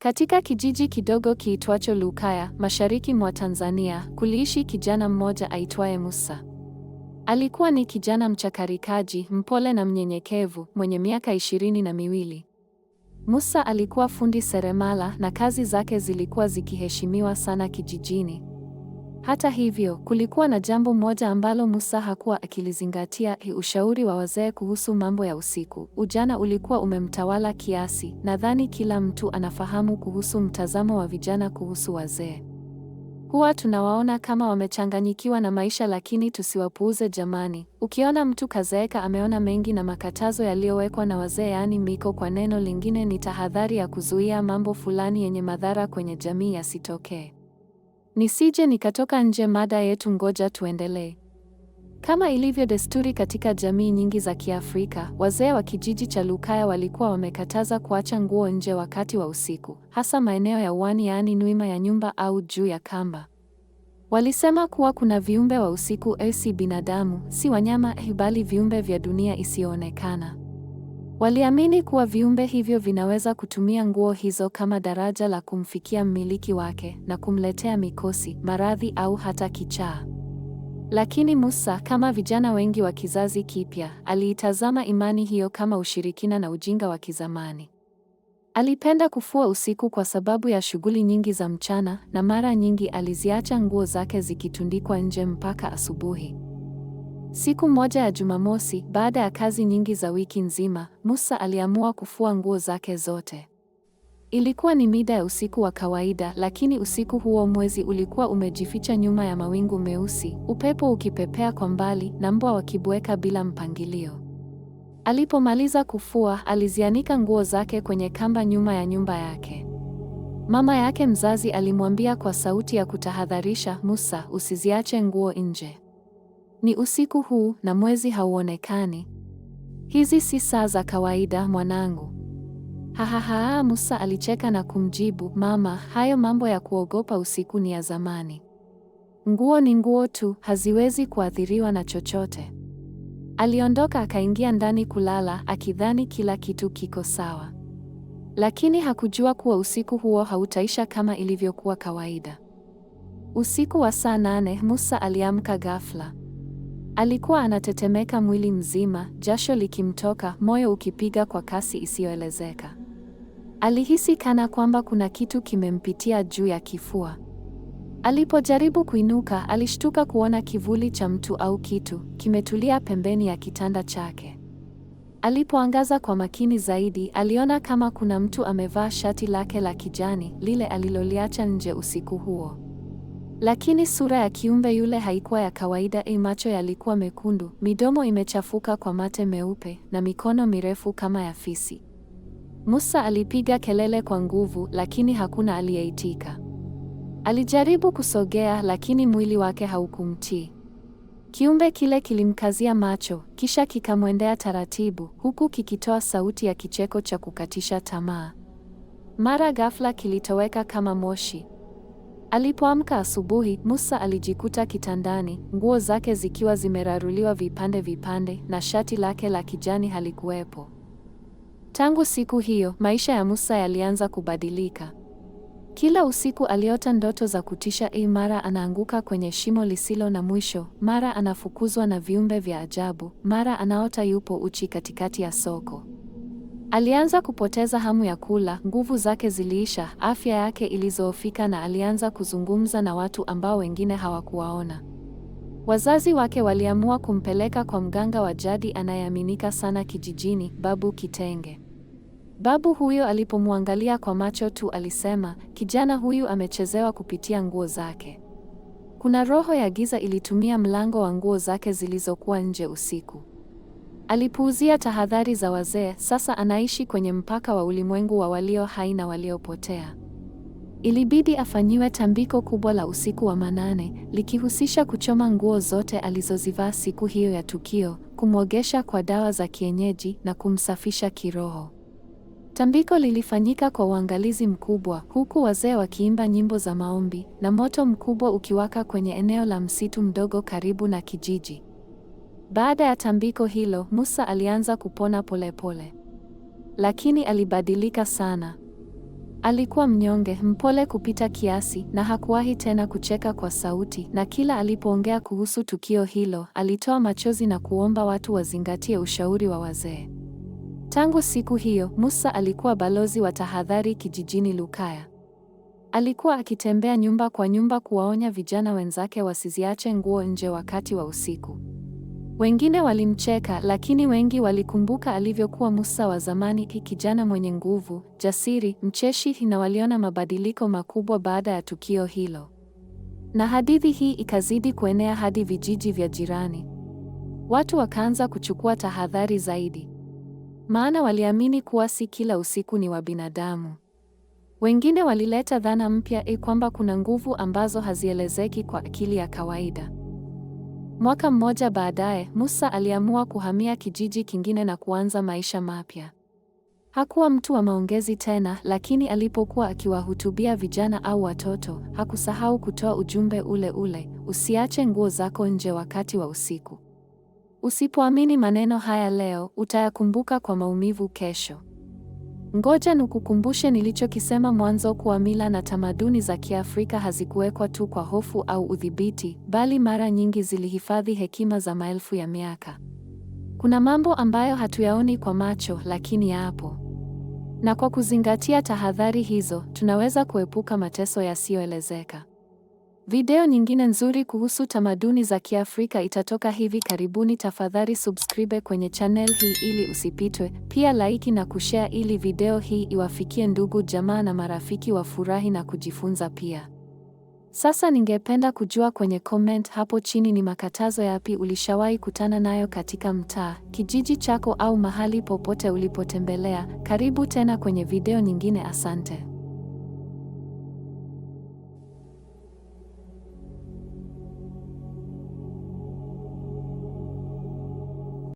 Katika kijiji kidogo kiitwacho Lukaya, mashariki mwa Tanzania, kuliishi kijana mmoja aitwaye Musa. Alikuwa ni kijana mchakarikaji, mpole na mnyenyekevu, mwenye miaka ishirini na miwili. Musa alikuwa fundi seremala na kazi zake zilikuwa zikiheshimiwa sana kijijini. Hata hivyo, kulikuwa na jambo moja ambalo Musa hakuwa akilizingatia, hi ushauri wa wazee kuhusu mambo ya usiku. Ujana ulikuwa umemtawala kiasi. Nadhani kila mtu anafahamu kuhusu mtazamo wa vijana kuhusu wazee. Huwa tunawaona kama wamechanganyikiwa na maisha, lakini tusiwapuuze jamani. Ukiona mtu kazeeka, ameona mengi, na makatazo yaliyowekwa na wazee, yaani miko kwa neno lingine, ni tahadhari ya kuzuia mambo fulani yenye madhara kwenye jamii yasitokee. Nisije nikatoka nje mada yetu, ngoja tuendelee. Kama ilivyo desturi katika jamii nyingi za Kiafrika, wazee wa kijiji cha Lukaya walikuwa wamekataza kuacha nguo nje wakati wa usiku, hasa maeneo ya uani, yaani nuima ya nyumba au juu ya kamba. Walisema kuwa kuna viumbe wa usiku, eh, si binadamu, si wanyama, eh, bali viumbe vya dunia isiyoonekana. Waliamini kuwa viumbe hivyo vinaweza kutumia nguo hizo kama daraja la kumfikia mmiliki wake na kumletea mikosi, maradhi au hata kichaa. Lakini Musa, kama vijana wengi wa kizazi kipya, aliitazama imani hiyo kama ushirikina na ujinga wa kizamani. Alipenda kufua usiku kwa sababu ya shughuli nyingi za mchana na mara nyingi aliziacha nguo zake zikitundikwa nje mpaka asubuhi. Siku moja ya Jumamosi, baada ya kazi nyingi za wiki nzima, Musa aliamua kufua nguo zake zote. Ilikuwa ni mida ya usiku wa kawaida, lakini usiku huo mwezi ulikuwa umejificha nyuma ya mawingu meusi, upepo ukipepea kwa mbali na mbwa wakibweka bila mpangilio. Alipomaliza kufua, alizianika nguo zake kwenye kamba nyuma ya nyumba yake. Mama yake mzazi alimwambia kwa sauti ya kutahadharisha, Musa, usiziache nguo nje. Ni usiku huu na mwezi hauonekani. Hizi si saa za kawaida mwanangu. Hahaha, Musa alicheka na kumjibu, mama, hayo mambo ya kuogopa usiku ni ya zamani. Nguo ni nguo tu, haziwezi kuathiriwa na chochote. Aliondoka akaingia ndani kulala akidhani kila kitu kiko sawa. Lakini hakujua kuwa usiku huo hautaisha kama ilivyokuwa kawaida. Usiku wa saa nane, Musa aliamka ghafla. Alikuwa anatetemeka mwili mzima, jasho likimtoka, moyo ukipiga kwa kasi isiyoelezeka. Alihisi kana kwamba kuna kitu kimempitia juu ya kifua. Alipojaribu kuinuka, alishtuka kuona kivuli cha mtu au kitu kimetulia pembeni ya kitanda chake. Alipoangaza kwa makini zaidi, aliona kama kuna mtu amevaa shati lake la kijani, lile aliloliacha nje usiku huo. Lakini sura ya kiumbe yule haikuwa ya kawaida. E, macho yalikuwa mekundu, midomo imechafuka kwa mate meupe na mikono mirefu kama ya fisi. Musa alipiga kelele kwa nguvu, lakini hakuna aliyeitika. Alijaribu kusogea, lakini mwili wake haukumtii. Kiumbe kile kilimkazia macho, kisha kikamwendea taratibu, huku kikitoa sauti ya kicheko cha kukatisha tamaa. Mara ghafla kilitoweka kama moshi. Alipoamka asubuhi, Musa alijikuta kitandani, nguo zake zikiwa zimeraruliwa vipande vipande na shati lake la kijani halikuwepo. Tangu siku hiyo, maisha ya Musa yalianza kubadilika. Kila usiku aliota ndoto za kutisha, ii mara anaanguka kwenye shimo lisilo na mwisho, mara anafukuzwa na viumbe vya ajabu, mara anaota yupo uchi katikati ya soko. Alianza kupoteza hamu ya kula, nguvu zake ziliisha, afya yake ilizoofika na alianza kuzungumza na watu ambao wengine hawakuwaona. Wazazi wake waliamua kumpeleka kwa mganga wa jadi anayeaminika sana kijijini, Babu Kitenge. Babu huyo alipomwangalia kwa macho tu alisema, kijana huyu amechezewa kupitia nguo zake. Kuna roho ya giza ilitumia mlango wa nguo zake zilizokuwa nje usiku. Alipuuzia tahadhari za wazee, sasa anaishi kwenye mpaka wa ulimwengu wa walio hai na waliopotea. Ilibidi afanyiwe tambiko kubwa la usiku wa manane, likihusisha kuchoma nguo zote alizozivaa siku hiyo ya tukio, kumwogesha kwa dawa za kienyeji na kumsafisha kiroho. Tambiko lilifanyika kwa uangalizi mkubwa, huku wazee wakiimba nyimbo za maombi na moto mkubwa ukiwaka kwenye eneo la msitu mdogo karibu na kijiji. Baada ya tambiko hilo, Musa alianza kupona polepole pole. Lakini alibadilika sana. Alikuwa mnyonge, mpole kupita kiasi na hakuwahi tena kucheka kwa sauti, na kila alipoongea kuhusu tukio hilo, alitoa machozi na kuomba watu wazingatie ushauri wa wazee. Tangu siku hiyo, Musa alikuwa balozi wa tahadhari kijijini Lukaya. Alikuwa akitembea nyumba kwa nyumba kuwaonya vijana wenzake wasiziache nguo nje wakati wa usiku. Wengine walimcheka, lakini wengi walikumbuka alivyokuwa Musa wa zamani, kijana mwenye nguvu, jasiri, mcheshi, na waliona mabadiliko makubwa baada ya tukio hilo. Na hadithi hii ikazidi kuenea hadi vijiji vya jirani. Watu wakaanza kuchukua tahadhari zaidi, maana waliamini kuwa si kila usiku ni wa binadamu. Wengine walileta dhana mpya, e, kwamba kuna nguvu ambazo hazielezeki kwa akili ya kawaida. Mwaka mmoja baadaye, Musa aliamua kuhamia kijiji kingine na kuanza maisha mapya. Hakuwa mtu wa maongezi tena, lakini alipokuwa akiwahutubia vijana au watoto, hakusahau kutoa ujumbe ule ule, usiache nguo zako nje wakati wa usiku. Usipoamini maneno haya leo, utayakumbuka kwa maumivu kesho. Ngoja nikukumbushe nilichokisema mwanzo kuwa mila na tamaduni za Kiafrika hazikuwekwa tu kwa hofu au udhibiti, bali mara nyingi zilihifadhi hekima za maelfu ya miaka. Kuna mambo ambayo hatuyaoni kwa macho, lakini yapo. Na kwa kuzingatia tahadhari hizo, tunaweza kuepuka mateso yasiyoelezeka. Video nyingine nzuri kuhusu tamaduni za Kiafrika itatoka hivi karibuni. Tafadhali subscribe kwenye channel hii ili usipitwe. Pia like na kushare ili video hii iwafikie ndugu jamaa na marafiki wafurahi na kujifunza pia. Sasa ningependa kujua kwenye comment hapo chini ni makatazo yapi ulishawahi kutana nayo katika mtaa, kijiji chako au mahali popote ulipotembelea. Karibu tena kwenye video nyingine. Asante.